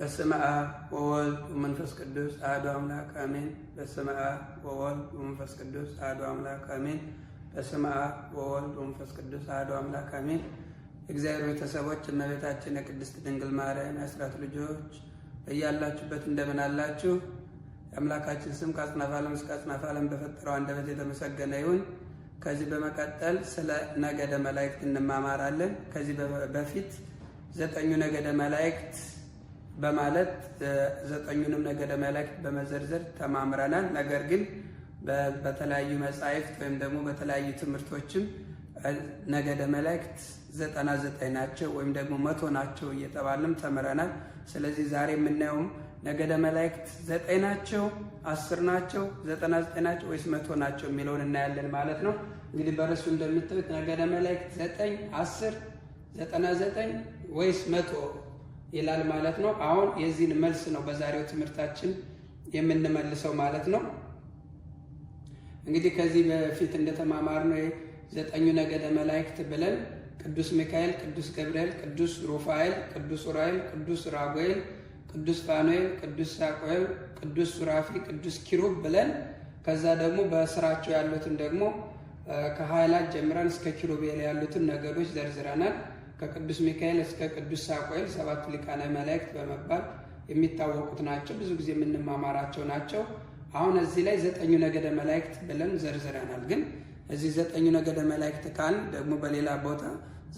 በስመ አብ ወወልድ ወመንፈስ ቅዱስ አሐዱ አምላክ አሜን። በስመ አብ ወወልድ ወመንፈስ ቅዱስ አሐዱ አምላክ አሜን። በስመ አብ ወወልድ ወመንፈስ ቅዱስ አሐዱ አምላክ አሜን። እግዚአብሔር ቤተሰቦች እመቤታችን የቅድስት ድንግል ማርያም የአስራት ልጆች በያላችሁበት እንደምን አላችሁ? የአምላካችን ስም ከአጽናፈ ዓለም እስከ አጽናፈ ዓለም በፈጠረው አንደበት የተመሰገነ ይሁን። ከዚህ በመቀጠል ስለ ነገደ መላእክት እንማማራለን። ከዚህ በፊት ዘጠኙ ነገደ መላእክት በማለት ዘጠኙንም ነገደ መላእክት በመዘርዘር ተማምረናል። ነገር ግን በተለያዩ መጻሕፍት ወይም ደግሞ በተለያዩ ትምህርቶችም ነገደ መላእክት ዘጠና ዘጠኝ ናቸው ወይም ደግሞ መቶ ናቸው እየተባለም ተምረናል። ስለዚህ ዛሬ የምናየውም ነገደ መላእክት ዘጠኝ ናቸው፣ አስር ናቸው፣ ዘጠና ዘጠኝ ናቸው ወይስ መቶ ናቸው የሚለውን እናያለን ማለት ነው። እንግዲህ በርዕሱ እንደምታዩት ነገደ መላእክት ዘጠኝ፣ አስር፣ ዘጠና ዘጠኝ ወይስ መቶ ይላል ማለት ነው። አሁን የዚህን መልስ ነው በዛሬው ትምህርታችን የምንመልሰው ማለት ነው። እንግዲህ ከዚህ በፊት እንደተማማርነው ዘጠኙ ነገደ መላእክት ብለን ቅዱስ ሚካኤል፣ ቅዱስ ገብርኤል፣ ቅዱስ ሩፋኤል፣ ቅዱስ ኡራኤል፣ ቅዱስ ራጉኤል፣ ቅዱስ ፋኑኤል፣ ቅዱስ ሳቆኤል፣ ቅዱስ ሱራፊ፣ ቅዱስ ኪሩብ ብለን ከዛ ደግሞ በስራቸው ያሉትን ደግሞ ከሀይላት ጀምረን እስከ ኪሩቤል ያሉትን ነገዶች ዘርዝረናል። ከቅዱስ ሚካኤል እስከ ቅዱስ ሳቆኤል ሰባቱ ሊቃነ መላእክት በመባል የሚታወቁት ናቸው። ብዙ ጊዜ የምንማማራቸው ናቸው። አሁን እዚህ ላይ ዘጠኙ ነገደ መላእክት ብለን ዘርዝረናል። ግን እዚህ ዘጠኙ ነገደ መላእክት ካልን ደግሞ በሌላ ቦታ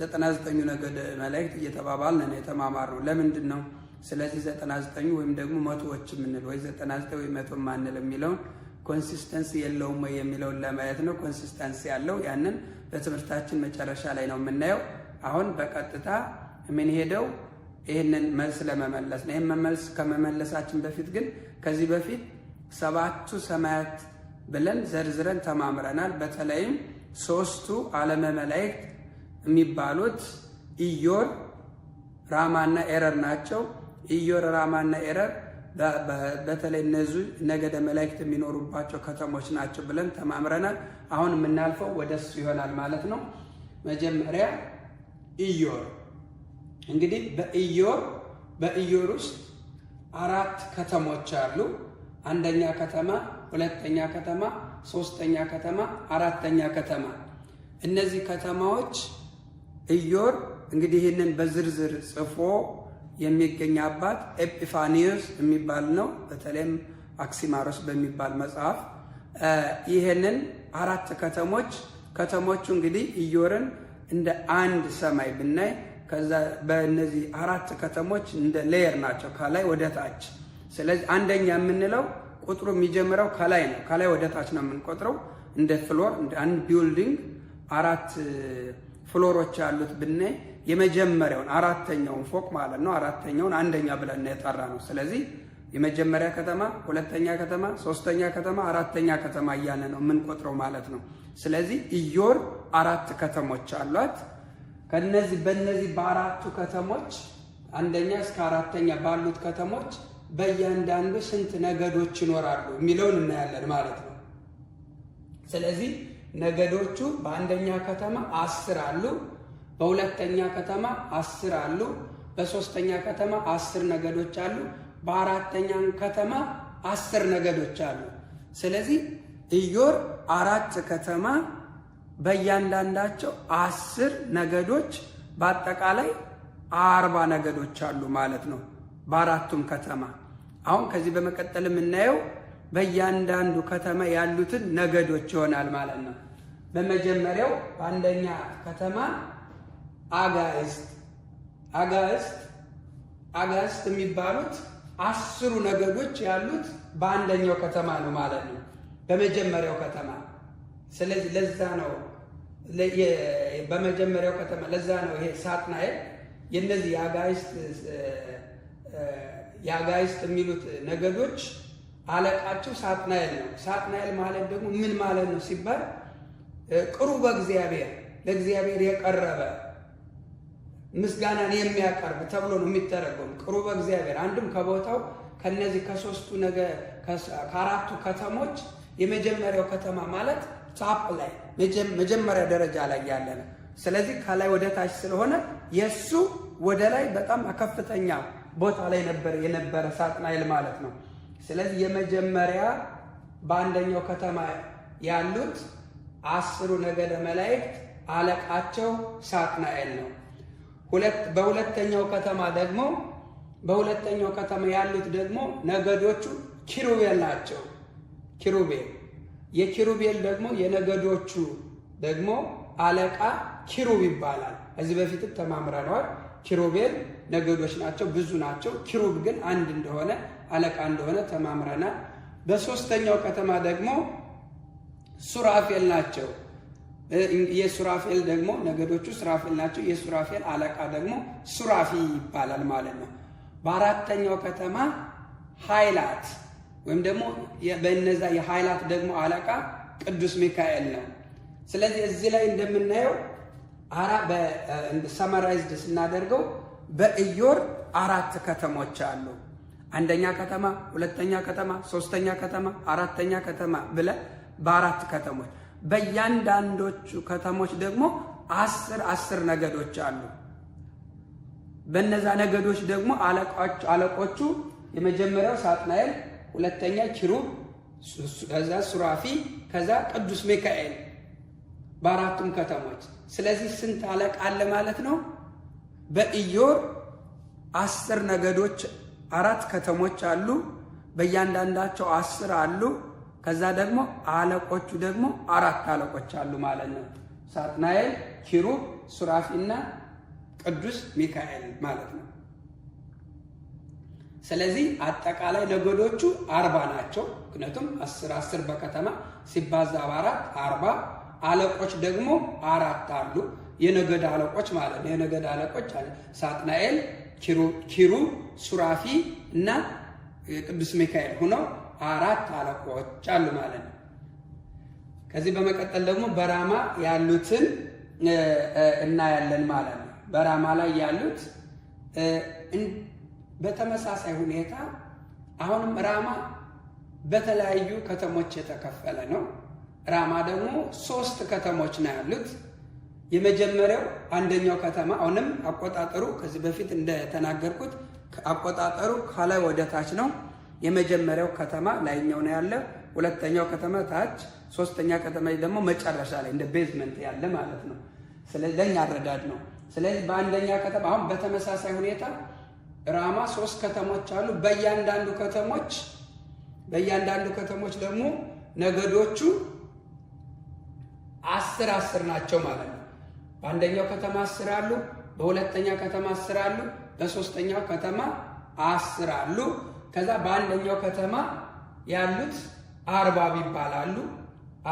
ዘጠና ዘጠኙ ነገደ መላእክት እየተባባልን ነው የተማማርነው። ለምንድን ነው ስለዚህ ዘጠና ዘጠኙ ወይም ደግሞ መቶዎች የምንል ወይ ዘጠና ዘጠኝ ወይ መቶ ማንል የሚለውን ኮንሲስተንስ የለውም ወይ የሚለውን ለማየት ነው። ኮንሲስተንስ ያለው ያንን በትምህርታችን መጨረሻ ላይ ነው የምናየው። አሁን በቀጥታ የምንሄደው ይህንን መልስ ለመመለስ ነው። ይህን መልስ ከመመለሳችን በፊት ግን ከዚህ በፊት ሰባቱ ሰማያት ብለን ዘርዝረን ተማምረናል። በተለይም ሶስቱ ዓለመ መላእክት የሚባሉት ኢዮር፣ ራማና ኤረር ናቸው። ኢዮር፣ ራማና ኤረር በተለይ እነዚህ ነገደ መላእክት የሚኖሩባቸው ከተሞች ናቸው ብለን ተማምረናል። አሁን የምናልፈው ወደሱ ይሆናል ማለት ነው። መጀመሪያ ኢዮር እንግዲህ በኢዮር በኢዮር ውስጥ አራት ከተሞች አሉ። አንደኛ ከተማ፣ ሁለተኛ ከተማ፣ ሶስተኛ ከተማ፣ አራተኛ ከተማ። እነዚህ ከተማዎች ኢዮር እንግዲህ ይህንን በዝርዝር ጽፎ የሚገኝ አባት ኤጲፋኒዮስ የሚባል ነው። በተለይም አክሲማሮስ በሚባል መጽሐፍ ይህንን አራት ከተሞች ከተሞቹ እንግዲህ ኢዮርን እንደ አንድ ሰማይ ብናይ ከዛ በእነዚህ አራት ከተሞች እንደ ሌየር ናቸው ከላይ ወደ ታች። ስለዚህ አንደኛ የምንለው ቁጥሩ የሚጀምረው ከላይ ነው። ከላይ ወደ ታች ነው የምንቆጥረው። እንደ ፍሎር እንደ አንድ ቢውልዲንግ አራት ፍሎሮች ያሉት ብናይ የመጀመሪያውን አራተኛውን ፎቅ ማለት ነው። አራተኛውን አንደኛ ብለን የጠራ ነው። ስለዚህ የመጀመሪያ ከተማ፣ ሁለተኛ ከተማ፣ ሶስተኛ ከተማ፣ አራተኛ ከተማ እያለ ነው የምንቆጥረው ማለት ነው። ስለዚህ ኢዮር አራት ከተሞች አሏት። ከነዚህ በነዚህ በአራቱ ከተሞች አንደኛ እስከ አራተኛ ባሉት ከተሞች በእያንዳንዱ ስንት ነገዶች ይኖራሉ የሚለውን እናያለን ማለት ነው። ስለዚህ ነገዶቹ በአንደኛ ከተማ አስር አሉ፣ በሁለተኛ ከተማ አስር አሉ፣ በሶስተኛ ከተማ አስር ነገዶች አሉ፣ በአራተኛ ከተማ አስር ነገዶች አሉ። ስለዚህ ኢዮር አራት ከተማ በእያንዳንዳቸው አስር ነገዶች በአጠቃላይ አርባ ነገዶች አሉ ማለት ነው። በአራቱም ከተማ አሁን ከዚህ በመቀጠል የምናየው በእያንዳንዱ ከተማ ያሉትን ነገዶች ይሆናል ማለት ነው። በመጀመሪያው በአንደኛ ከተማ አጋእዝት አጋእዝት አጋእዝት የሚባሉት አስሩ ነገዶች ያሉት በአንደኛው ከተማ ነው ማለት ነው። በመጀመሪያው ከተማ። ስለዚህ ለዛ ነው በመጀመሪያው ከተማ ለዛ ነው ይሄ ሳጥናኤል የነዚህ የአጋይስት የአጋይስት የሚሉት ነገዶች አለቃቸው ሳጥናኤል ነው። ሳጥናኤል ማለት ደግሞ ምን ማለት ነው ሲባል ቅሩበ በእግዚአብሔር ለእግዚአብሔር የቀረበ ምስጋናን የሚያቀርብ ተብሎ ነው የሚተረጎም። ቅሩ በእግዚአብሔር አንድም ከቦታው ከነዚህ ከሶስቱ ነገ ከአራቱ ከተሞች የመጀመሪያው ከተማ ማለት ታፕ ላይ መጀመሪያ ደረጃ ላይ ያለ ነው። ስለዚህ ከላይ ወደ ታች ስለሆነ የእሱ ወደ ላይ በጣም ከፍተኛ ቦታ ላይ ነበር የነበረ ሳጥናኤል ማለት ነው። ስለዚህ የመጀመሪያ በአንደኛው ከተማ ያሉት አስሩ ነገደ መላእክት አለቃቸው ሳጥናኤል ነው። በሁለተኛው ከተማ ደግሞ በሁለተኛው ከተማ ያሉት ደግሞ ነገዶቹ ኪሩቤል ናቸው። ኪሩቤል የኪሩቤል ደግሞ የነገዶቹ ደግሞ አለቃ ኪሩብ ይባላል። ከዚህ በፊትም ተማምረነዋል። ኪሩቤል ነገዶች ናቸው፣ ብዙ ናቸው። ኪሩብ ግን አንድ እንደሆነ አለቃ እንደሆነ ተማምረናል። በሶስተኛው ከተማ ደግሞ ሱራፌል ናቸው። የሱራፌል ደግሞ ነገዶቹ ሱራፌል ናቸው። የሱራፌል አለቃ ደግሞ ሱራፊ ይባላል ማለት ነው። በአራተኛው ከተማ ሃይላት ወይም ደግሞ በነዛ የኃይላት ደግሞ አለቃ ቅዱስ ሚካኤል ነው። ስለዚህ እዚህ ላይ እንደምናየው አራ ሰመራይዝድ ስናደርገው በኢዮር አራት ከተሞች አሉ። አንደኛ ከተማ፣ ሁለተኛ ከተማ፣ ሶስተኛ ከተማ፣ አራተኛ ከተማ ብለ በአራት ከተሞች በእያንዳንዶቹ ከተሞች ደግሞ አስር አስር ነገዶች አሉ። በነዛ ነገዶች ደግሞ አለቆቹ የመጀመሪያው ሳጥናኤል ሁለተኛ ኪሩብ፣ ከዛ ሱራፊ፣ ከዛ ቅዱስ ሚካኤል በአራቱም ከተሞች። ስለዚህ ስንት አለቃ አለ ማለት ነው? በኢዮር አስር ነገዶች አራት ከተሞች አሉ። በእያንዳንዳቸው አስር አሉ። ከዛ ደግሞ አለቆቹ ደግሞ አራት አለቆች አሉ ማለት ነው። ሳጥናኤል፣ ኪሩብ፣ ሱራፊና ቅዱስ ሚካኤል ማለት ነው። ስለዚህ አጠቃላይ ነገዶቹ አርባ ናቸው። ምክንያቱም አስር አስር በከተማ ሲባዛ በአራት አርባ አለቆች ደግሞ አራት አሉ። የነገድ አለቆች ማለት ነው። የነገድ አለቆች ሳጥናኤል፣ ኪሩ፣ ሱራፊ እና ቅዱስ ሚካኤል ሆነው አራት አለቆች አሉ ማለት ነው። ከዚህ በመቀጠል ደግሞ በራማ ያሉትን እናያለን ማለት ነው። በራማ ላይ ያሉት በተመሳሳይ ሁኔታ አሁንም ራማ በተለያዩ ከተሞች የተከፈለ ነው። ራማ ደግሞ ሶስት ከተሞች ነው ያሉት። የመጀመሪያው አንደኛው ከተማ አሁንም አቆጣጠሩ ከዚህ በፊት እንደተናገርኩት አቆጣጠሩ ከላይ ወደ ታች ነው። የመጀመሪያው ከተማ ላይኛው ነው ያለ፣ ሁለተኛው ከተማ ታች፣ ሶስተኛ ከተማ ደግሞ መጨረሻ ላይ እንደ ቤዝመንት ያለ ማለት ነው። ስለዚህ አረዳድ ነው። ስለዚህ በአንደኛ ከተማ አሁን በተመሳሳይ ሁኔታ ራማ ሶስት ከተሞች አሉ። በእያንዳንዱ ከተሞች በእያንዳንዱ ከተሞች ደግሞ ነገዶቹ አስር አስር ናቸው ማለት ነው። በአንደኛው ከተማ አስር አሉ፣ በሁለተኛው ከተማ አስር አሉ፣ በሶስተኛው ከተማ አስር አሉ። ከዛ በአንደኛው ከተማ ያሉት አርባብ ይባላሉ።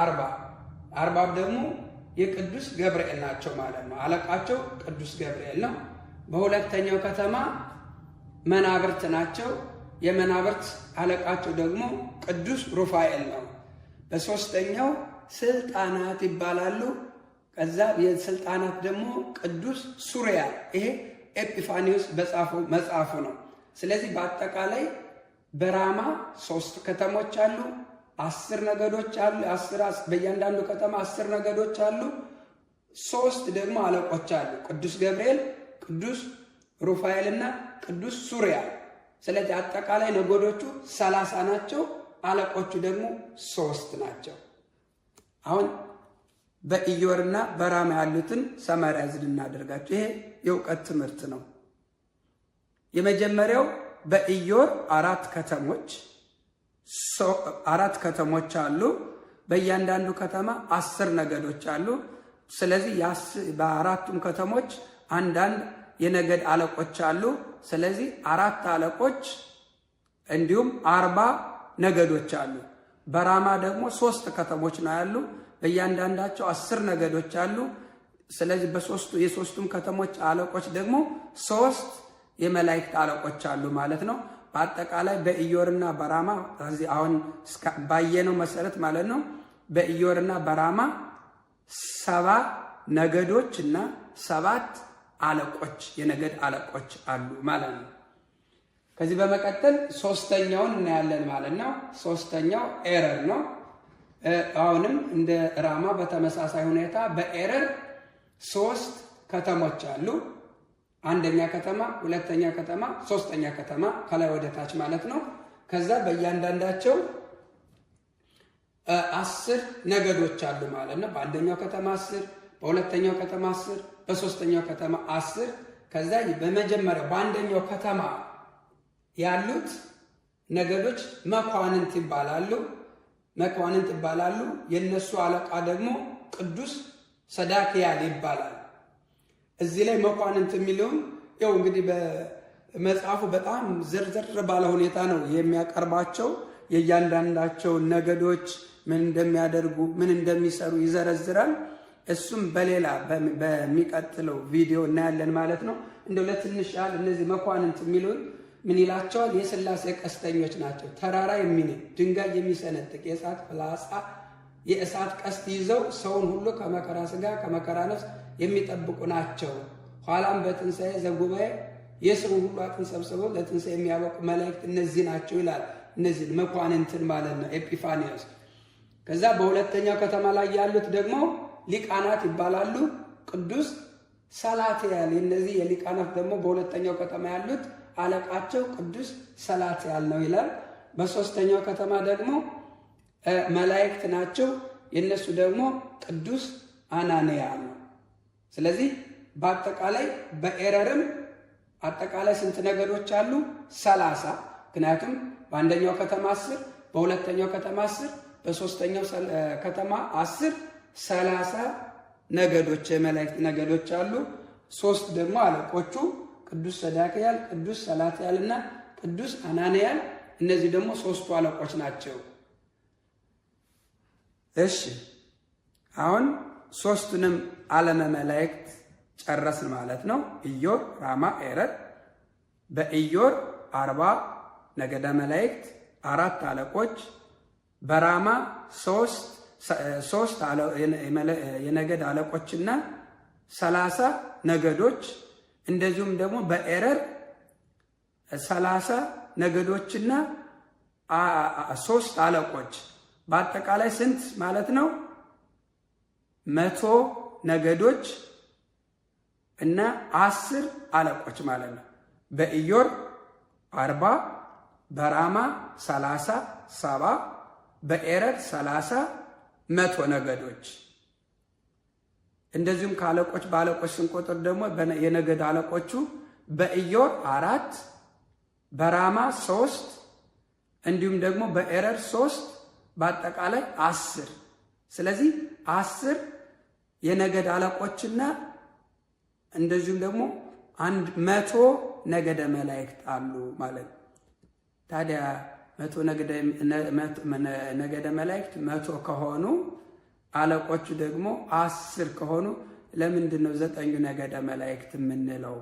አርባ አርባብ ደግሞ የቅዱስ ገብርኤል ናቸው ማለት ነው። አለቃቸው ቅዱስ ገብርኤል ነው። በሁለተኛው ከተማ መናብርት ናቸው። የመናብርት አለቃቸው ደግሞ ቅዱስ ሩፋኤል ነው። በሶስተኛው ስልጣናት ይባላሉ። ከዛ የስልጣናት ደግሞ ቅዱስ ሱሪያ ይሄ ኤጲፋኒዎስ በጻፉ መጽሐፉ ነው። ስለዚህ በአጠቃላይ በራማ ሶስት ከተሞች አሉ። አስር ነገዶች አሉ። በእያንዳንዱ ከተማ አስር ነገዶች አሉ። ሶስት ደግሞ አለቆች አሉ። ቅዱስ ገብርኤል፣ ቅዱስ ሩፋኤልና ቅዱስ ሱሪያ። ስለዚህ አጠቃላይ ነጎዶቹ ሰላሳ ናቸው። አለቆቹ ደግሞ ሶስት ናቸው። አሁን በኢዮርና በራማ ያሉትን ሰማርያ ዝድ እናደርጋቸው። ይሄ የእውቀት ትምህርት ነው። የመጀመሪያው በኢዮር አራት ከተሞች አራት ከተሞች አሉ። በእያንዳንዱ ከተማ አስር ነገዶች አሉ። ስለዚህ በአራቱም ከተሞች አንዳንድ የነገድ አለቆች አሉ። ስለዚህ አራት አለቆች እንዲሁም አርባ ነገዶች አሉ። በራማ ደግሞ ሶስት ከተሞች ነው ያሉ። በእያንዳንዳቸው አስር ነገዶች አሉ። ስለዚህ በሶስቱ የሶስቱም ከተሞች አለቆች ደግሞ ሶስት የመላእክት አለቆች አሉ ማለት ነው። በአጠቃላይ በኢዮርና በራማ አሁን ባየነው መሰረት ማለት ነው በኢዮርና በራማ ሰባ ነገዶች እና ሰባት አለቆች የነገድ አለቆች አሉ ማለት ነው። ከዚህ በመቀጠል ሶስተኛውን እናያለን ማለት ነው። ሶስተኛው ኤረር ነው። አሁንም እንደ ራማ በተመሳሳይ ሁኔታ በኤረር ሶስት ከተሞች አሉ። አንደኛ ከተማ፣ ሁለተኛ ከተማ፣ ሶስተኛ ከተማ ከላይ ወደታች ማለት ነው። ከዛ በእያንዳንዳቸው አስር ነገዶች አሉ ማለት ነው። በአንደኛው ከተማ አስር በሁለተኛው ከተማ አስር በሶስተኛው ከተማ አስር ከዛ በመጀመሪያው በአንደኛው ከተማ ያሉት ነገዶች መኳንንት ይባላሉ። መኳንንት ይባላሉ። የእነሱ አለቃ ደግሞ ቅዱስ ሰዳክያል ይባላል። እዚህ ላይ መኳንንት የሚለውን ያው እንግዲህ በመጽሐፉ በጣም ዝርዝር ባለ ሁኔታ ነው የሚያቀርባቸው። የእያንዳንዳቸው ነገዶች ምን እንደሚያደርጉ ምን እንደሚሰሩ ይዘረዝራል። እሱም በሌላ በሚቀጥለው ቪዲዮ እናያለን ማለት ነው። እንደው ለትንሽ ያህል እነዚህ መኳንንት የሚሉን ምን ይላቸዋል? የስላሴ ቀስተኞች ናቸው። ተራራ የሚንል ድንጋይ የሚሰነጥቅ የእሳት ፍላጻ የእሳት ቀስት ይዘው ሰውን ሁሉ ከመከራ ስጋ ከመከራ ነፍስ የሚጠብቁ ናቸው። ኋላም በትንሣኤ ዘጉባኤ የሰውን ሁሉ አጥን ሰብስበው ለትንሣኤ የሚያበቁ መላእክት እነዚህ ናቸው ይላል። እነዚህ መኳንንትን ማለት ነው ኤጲፋኒዎስ። ከዛ በሁለተኛው ከተማ ላይ ያሉት ደግሞ ሊቃናት ይባላሉ። ቅዱስ ሰላትያል። የነዚህ የሊቃናት ደግሞ በሁለተኛው ከተማ ያሉት አለቃቸው ቅዱስ ሰላትያል ነው ይላል። በሶስተኛው ከተማ ደግሞ መላእክት ናቸው። የነሱ ደግሞ ቅዱስ አናንያ ነው። ስለዚህ በአጠቃላይ በኤረርም አጠቃላይ ስንት ነገሮች አሉ? ሰላሳ ምክንያቱም በአንደኛው ከተማ አስር፣ በሁለተኛው ከተማ አስር፣ በሶስተኛው ከተማ አስር ሰላሳ ነገዶች የመላእክት ነገዶች አሉ። ሶስት ደግሞ አለቆቹ ቅዱስ ሰዳክያል፣ ቅዱስ ሰላትያል እና ቅዱስ አናንያል። እነዚህ ደግሞ ሶስቱ አለቆች ናቸው። እሺ አሁን ሶስቱንም ዓለመ መላእክት ጨረስን ማለት ነው። ኢዮር፣ ራማ፣ ኤረር። በኢዮር አርባ ነገደ መላእክት አራት አለቆች፣ በራማ ሶስት ሶስት የነገድ አለቆችና ሰላሳ ነገዶች እንደዚሁም ደግሞ በኤረር ሰላሳ ነገዶችና ሶስት አለቆች በአጠቃላይ ስንት ማለት ነው? መቶ ነገዶች እና አስር አለቆች ማለት ነው። በኢዮር አርባ በራማ ሰላሳ ሰባ በኤረር ሰላሳ መቶ ነገዶች እንደዚሁም ከአለቆች በአለቆች ስንቆጥር ደግሞ የነገድ አለቆቹ በኢዮር አራት በራማ ሶስት እንዲሁም ደግሞ በኤረር ሶስት በአጠቃላይ አስር ስለዚህ አስር የነገድ አለቆችና እንደዚሁም ደግሞ አንድ መቶ ነገደ መላእክት አሉ ማለት ታዲያ መቶ ነገደ መላእክት መቶ ከሆኑ አለቆቹ ደግሞ አስር ከሆኑ ለምንድን ነው ዘጠኙ ነገደ መላእክት የምንለው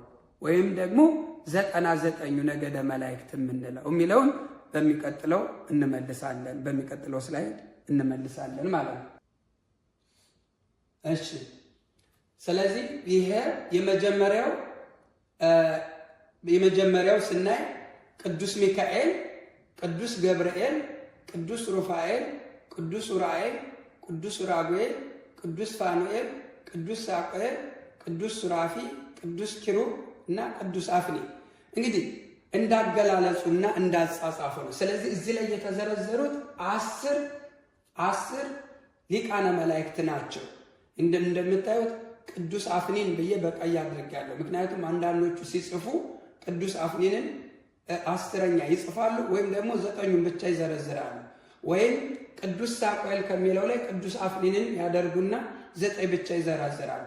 ወይም ደግሞ ዘጠና ዘጠኙ ነገደ መላእክት የምንለው የሚለውን በሚቀጥለው እንመልሳለን። በሚቀጥለው ስላይድ እንመልሳለን ማለት ነው። እሺ ስለዚህ ይሄ የመጀመሪያው የመጀመሪያው ስናይ ቅዱስ ሚካኤል ቅዱስ ገብርኤል፣ ቅዱስ ሩፋኤል፣ ቅዱስ ኡራኤል፣ ቅዱስ ራጉኤል፣ ቅዱስ ፋኑኤል፣ ቅዱስ ሳቁኤል፣ ቅዱስ ሱራፊ፣ ቅዱስ ኪሩብ እና ቅዱስ አፍኒ እንግዲህ እና እንዳጻጻፉ ነው። ስለዚህ እዚህ ላይ የተዘረዘሩት አስር አስር ሊቃነ መላእክት ናቸው። እንደምታዩት ቅዱስ አፍኒን ብዬ በቀይ አድርጌያለሁ። ምክንያቱም አንዳንዶቹ ሲጽፉ ቅዱስ አፍኒንን አስረኛ ይጽፋሉ ወይም ደግሞ ዘጠኙን ብቻ ይዘረዝራሉ። ወይም ቅዱስ ሳቆኤል ከሚለው ላይ ቅዱስ አፍሊንን ያደርጉና ዘጠኝ ብቻ ይዘረዝራሉ።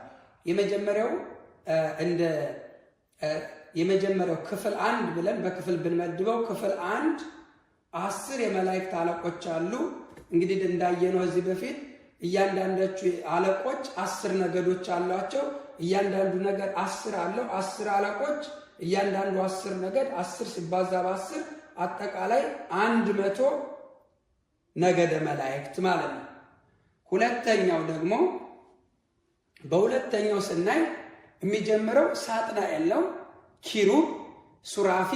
የመጀመሪያው እንደ የመጀመሪያው ክፍል አንድ ብለን በክፍል ብንመድበው ክፍል አንድ አስር የመላእክት አለቆች አሉ። እንግዲህ እንዳየነው እዚህ በፊት እያንዳንዳችሁ አለቆች አስር ነገዶች አሏቸው። እያንዳንዱ ነገር አስር አለው። አስር አለቆች እያንዳንዱ አስር ነገድ አስር ሲባዛ በአስር አጠቃላይ አንድ መቶ ነገደ መላእክት ማለት ነው። ሁለተኛው ደግሞ በሁለተኛው ስናይ የሚጀምረው ሳጥናኤል ነው። ኪሩብ፣ ሱራፊ፣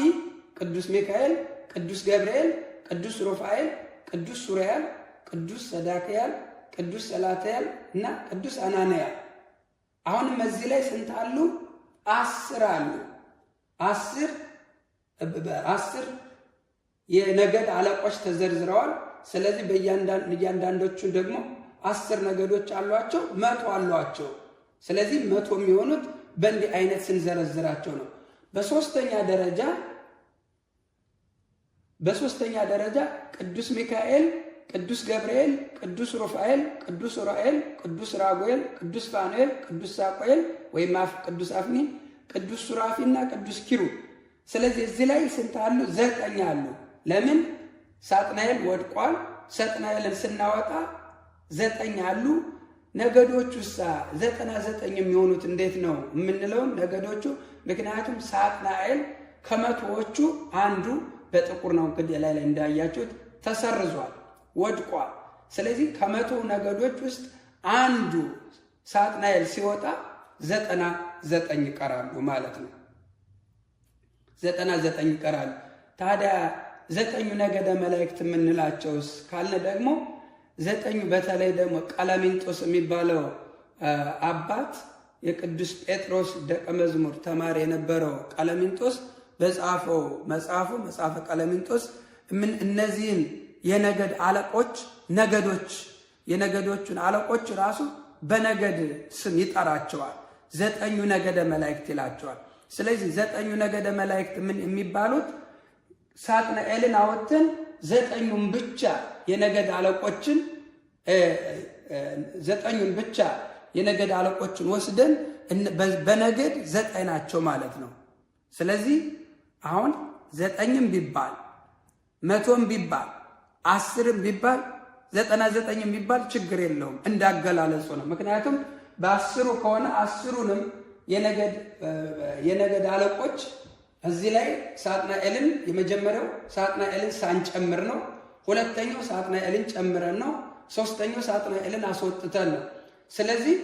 ቅዱስ ሚካኤል፣ ቅዱስ ገብርኤል፣ ቅዱስ ሩፋኤል፣ ቅዱስ ሱሪያል፣ ቅዱስ ሰዳክያል፣ ቅዱስ ሰላትያል እና ቅዱስ አናንያል። አሁንም እዚህ ላይ ስንት አሉ? አስር አሉ። አስር አስር የነገድ አለቆች ተዘርዝረዋል። ስለዚህ በእያንዳንዶቹ ደግሞ አስር ነገዶች አሏቸው፣ መቶ አሏቸው። ስለዚህ መቶ የሚሆኑት በእንዲህ አይነት ስንዘረዝራቸው ነው። በሶስተኛ ደረጃ በሶስተኛ ደረጃ ቅዱስ ሚካኤል፣ ቅዱስ ገብርኤል፣ ቅዱስ ሩፋኤል፣ ቅዱስ ራኤል፣ ቅዱስ ራጉኤል፣ ቅዱስ ፋኑኤል፣ ቅዱስ ሳቆኤል ወይም ቅዱስ አፍኒ ቅዱስ ሱራፊና ቅዱስ ኪሩ ስለዚህ እዚህ ላይ ስንት አሉ? ዘጠኝ አሉ። ለምን ሳጥናኤል ወድቋል። ሳጥናኤልን ስናወጣ ዘጠኝ አሉ። ነገዶቹ ሳ ዘጠና ዘጠኝ የሚሆኑት እንዴት ነው የምንለውን ነገዶቹ ምክንያቱም ሳጥናኤል ከመቶዎቹ አንዱ በጥቁር ነው እንግዲህ ላይ ላይ እንዳያችሁት ተሰርዟል፣ ወድቋል። ስለዚህ ከመቶ ነገዶች ውስጥ አንዱ ሳጥናኤል ሲወጣ ዘጠና ዘጠኝ ይቀራሉ ማለት ነው። ዘጠና ዘጠኝ ይቀራሉ። ታዲያ ዘጠኙ ነገደ መላእክት የምንላቸውስ ካልነ ደግሞ ዘጠኙ በተለይ ደግሞ ቀለሚንጦስ የሚባለው አባት የቅዱስ ጴጥሮስ ደቀ መዝሙር ተማሪ የነበረው ቀለሚንጦስ በጻፈው መጽሐፉ መጽሐፈ ቀለሚንጦስ ምን እነዚህን የነገድ አለቆች ነገዶች የነገዶቹን አለቆች ራሱ በነገድ ስም ይጠራቸዋል። ዘጠኙ ነገደ መላእክት ይላቸዋል። ስለዚህ ዘጠኙ ነገደ መላእክት ምን የሚባሉት ሳጥናኤልን አወጥተን ዘጠኙን ብቻ የነገድ አለቆችን ዘጠኙን ብቻ የነገድ አለቆችን ወስደን በነገድ ዘጠኝ ናቸው ማለት ነው። ስለዚህ አሁን ዘጠኝም ቢባል መቶም ቢባል አስርም ቢባል ዘጠና ዘጠኝም ቢባል ችግር የለውም እንዳገላለጹ ነው። ምክንያቱም በአስሩ ከሆነ አስሩንም የነገድ አለቆች እዚህ ላይ ሳጥናኤልን የመጀመሪያው ሳጥናኤልን ሳንጨምር ነው። ሁለተኛው ሳጥናኤልን ጨምረን ነው። ሶስተኛው ሳጥናኤልን አስወጥተን ነው። ስለዚህ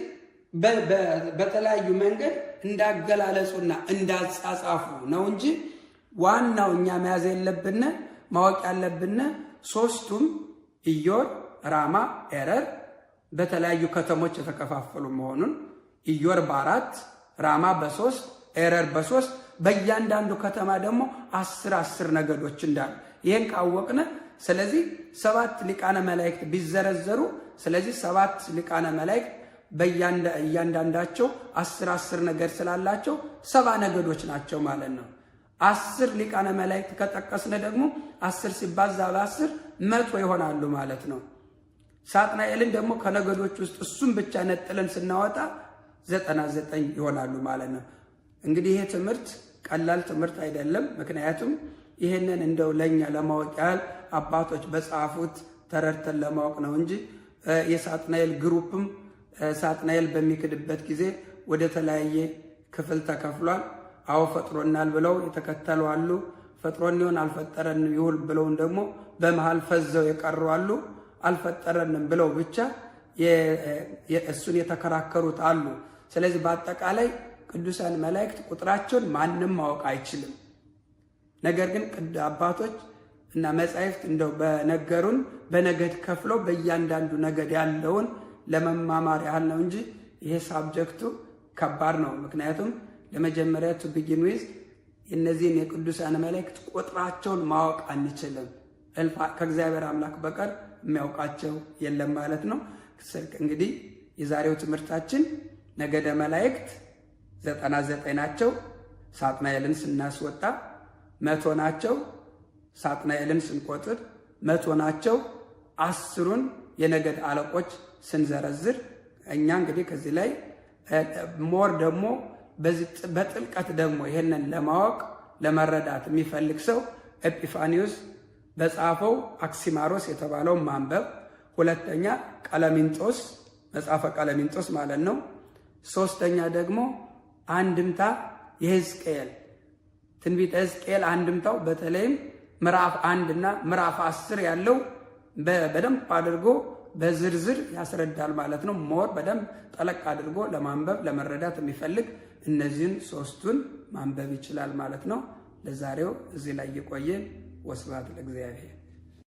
በተለያዩ መንገድ እንዳገላለጹና እንዳጻጻፉ ነው እንጂ ዋናው እኛ መያዝ የለብን ማወቅ ያለብን ሶስቱም ኢዮር፣ ራማ፣ ኤረር በተለያዩ ከተሞች የተከፋፈሉ መሆኑን ኢዮር በአራት ራማ በሶስት ኤረር በሶስት በእያንዳንዱ ከተማ ደግሞ አስር አስር ነገዶች እንዳሉ ይህን ካወቅነ ስለዚህ ሰባት ሊቃነ መላእክት ቢዘረዘሩ ስለዚህ ሰባት ሊቃነ መላእክት በእያንዳንዳቸው አስር አስር ነገድ ስላላቸው ሰባ ነገዶች ናቸው ማለት ነው። አስር ሊቃነ መላእክት ከጠቀስነ ደግሞ አስር ሲባዛ በአስር መቶ ይሆናሉ ማለት ነው። ሳጥናኤልን ደግሞ ከነገዶች ውስጥ እሱን ብቻ ነጥለን ስናወጣ ዘጠና ዘጠኝ ይሆናሉ ማለት ነው። እንግዲህ ይሄ ትምህርት ቀላል ትምህርት አይደለም። ምክንያቱም ይህንን እንደው ለእኛ ለማወቅ ያህል አባቶች በጻፉት ተረድተን ለማወቅ ነው እንጂ የሳጥናኤል ግሩፕም ሳጥናኤል በሚክድበት ጊዜ ወደ ተለያየ ክፍል ተከፍሏል። አዎ ፈጥሮናል ብለው የተከተሉ አሉ። ፈጥሮን ይሆን አልፈጠረን ይሁን ብለውን ደግሞ በመሃል ፈዘው የቀሩ አሉ። አልፈጠረንም ብለው ብቻ እሱን የተከራከሩት አሉ። ስለዚህ በአጠቃላይ ቅዱሳን መላእክት ቁጥራቸውን ማንም ማወቅ አይችልም። ነገር ግን አባቶች እና መጻሕፍት እንደው በነገሩን በነገድ ከፍለው በእያንዳንዱ ነገድ ያለውን ለመማማር ያህል ነው እንጂ ይሄ ሳብጀክቱ ከባድ ነው። ምክንያቱም ለመጀመሪያ ቱ ቢጊን ዊዝ እነዚህን የቅዱሳን መላእክት ቁጥራቸውን ማወቅ አንችልም ከእግዚአብሔር አምላክ በቀር የሚያውቃቸው የለም ማለት ነው። ስልክ እንግዲህ የዛሬው ትምህርታችን ነገደ መላእክት ዘጠና ዘጠኝ ናቸው። ሳጥናኤልን ስናስወጣ መቶ ናቸው። ሳጥናኤልን ስንቆጥር መቶ ናቸው። አስሩን የነገድ አለቆች ስንዘረዝር እኛ እንግዲህ ከዚህ ላይ ሞር ደግሞ በጥልቀት ደግሞ ይህንን ለማወቅ ለመረዳት የሚፈልግ ሰው ኤጲፋኒዮስ በጻፈው አክሲማሮስ የተባለው ማንበብ፣ ሁለተኛ ቀለሚንጦስ መጽሐፈ ቀለሚንጦስ ማለት ነው። ሶስተኛ ደግሞ አንድምታ የህዝቅኤል ትንቢተ ህዝቅኤል አንድምታው በተለይም ምዕራፍ አንድ እና ምዕራፍ አስር ያለው በደንብ አድርጎ በዝርዝር ያስረዳል ማለት ነው። ሞር በደንብ ጠለቅ አድርጎ ለማንበብ ለመረዳት የሚፈልግ እነዚህን ሶስቱን ማንበብ ይችላል ማለት ነው። ለዛሬው እዚህ ላይ የቆየ والصلاة الأجزاء عليه